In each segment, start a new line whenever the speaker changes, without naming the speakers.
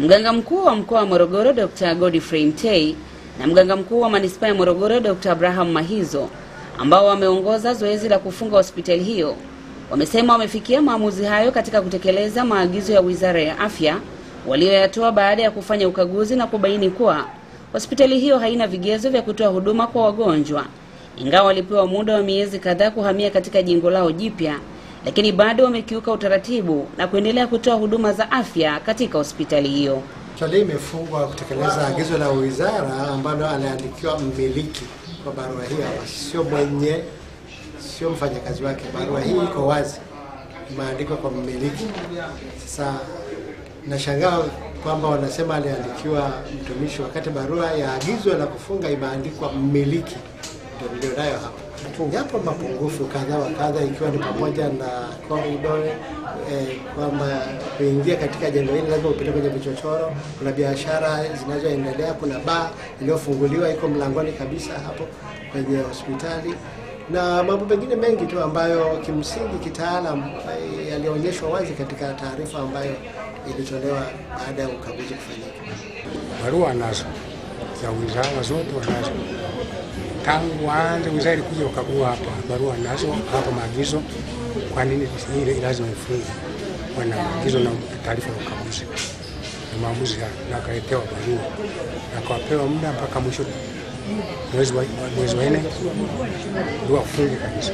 Mganga mkuu wa mkoa wa Morogoro Dr. Godfrey Mtei na mganga mkuu wa manispaa ya Morogoro Dr. Abraham Mahizo ambao wameongoza zoezi la kufunga hospitali hiyo wamesema wamefikia maamuzi hayo katika kutekeleza maagizo ya Wizara ya Afya walioyatoa baada ya kufanya ukaguzi na kubaini kuwa hospitali hiyo haina vigezo vya kutoa huduma kwa wagonjwa, ingawa walipewa muda wa miezi kadhaa kuhamia katika jengo lao jipya lakini bado wamekiuka utaratibu na kuendelea kutoa huduma za afya katika hospitali hiyo.
Hospitali imefungwa kutekeleza agizo la wizara ambalo aliandikiwa mmiliki kwa barua hii, sio mwenye, sio mfanyakazi wake. Barua hii iko wazi, imeandikwa kwa mmiliki. Sasa nashangaa kwamba wanasema aliandikiwa mtumishi, wakati barua ya agizo la kufunga imeandikwa mmiliki ndio nilionayo hapa, mapungufu kadha wa kadha, ikiwa ni pamoja na corridor eh, kwamba kuingia katika jengo hili lazima upite kwenye vichochoro. Kuna biashara zinazoendelea, kuna baa iliyofunguliwa iko mlangoni kabisa hapo kwenye hospitali na mambo mengine mengi tu ambayo kimsingi kitaalam eh, yalionyeshwa wazi katika taarifa ambayo ilitolewa baada ya ukaguzi kufanyika.
Barua nazo za wizara zote wanazo. Tangu waanze wizara ilikuja wakagua hapa, barua nazo hapa, maagizo kwa nini ile lazima ifungwe, wana maagizo na taarifa ya ukaguzi na maamuzi ya na wakaletewa barua na kawapewa muda mpaka mwisho mwezi wa nne ndio wafunge kabisa,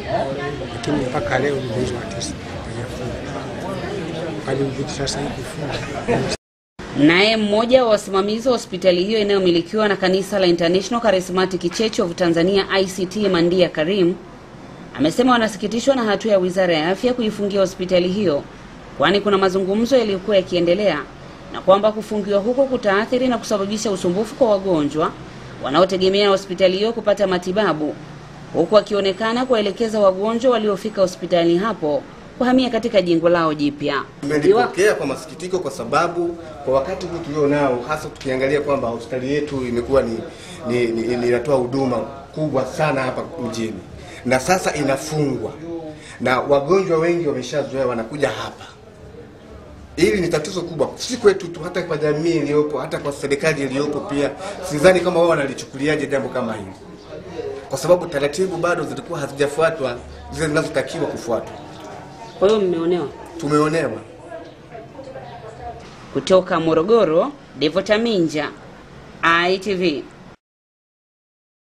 lakini mpaka leo ni mwezi wa tisa hajafunga hadi sasa hivi funga
Naye mmoja wa wasimamizi wa hospitali hiyo inayomilikiwa na kanisa la International Charismatic Church of Tanzania ICT, Mandia Karim, amesema wanasikitishwa na hatua ya Wizara ya Afya kuifungia hospitali hiyo, kwani kuna mazungumzo yaliyokuwa yakiendelea na kwamba kufungiwa huko kutaathiri na kusababisha usumbufu kwa wagonjwa wanaotegemea hospitali hiyo kupata matibabu, huku akionekana kuwaelekeza wagonjwa waliofika hospitali hapo kuhamia katika jengo lao jipya.
Tumelipokea kwa masikitiko, kwa sababu kwa wakati huu tulionao, hasa tukiangalia kwamba hospitali yetu imekuwa ni, ni, ni, ni inatoa huduma kubwa sana hapa mjini na sasa inafungwa na wagonjwa wengi wameshazoea wanakuja hapa. Hili ni tatizo kubwa, si kwetu tu, hata kwa jamii iliyopo, hata kwa serikali iliyopo pia. Sidhani kama wao wanalichukuliaje jambo kama hili, kwa sababu taratibu bado zilikuwa hazijafuatwa zile zinazotakiwa kufuatwa.
Kwa hiyo mmeonewa? Tumeonewa. Kutoka Morogoro, Devota Minja, ITV.